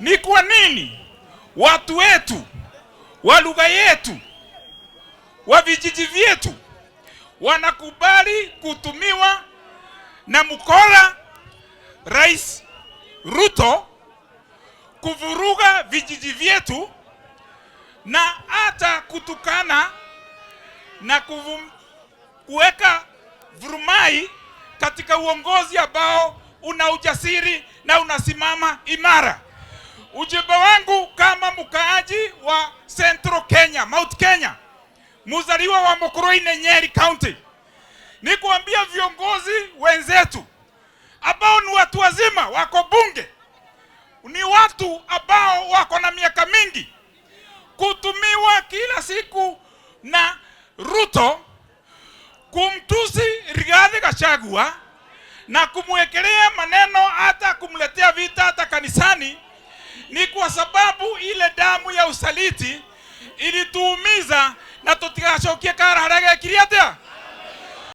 Ni kwa nini watu wetu wa lugha yetu wa vijiji vyetu wanakubali kutumiwa na mkora Rais Ruto kuvuruga vijiji vyetu na hata kutukana na kuweka vurumai katika uongozi ambao una ujasiri na unasimama imara. Ujumbe wangu kama mkaaji wa Central Kenya, Mount Kenya, muzaliwa wa Mokoroine, Nyeri County, ni kuambia viongozi wenzetu ambao ni watu wazima, wako bunge, ni watu ambao wako na miaka mingi, kutumiwa kila siku na Ruto kumtusi Rigathi Gachagua na kumwekelea maneno, hata kumletea vita, hata kanisani kwa sababu ile damu ya usaliti ilituumiza na tutikacokie karaharage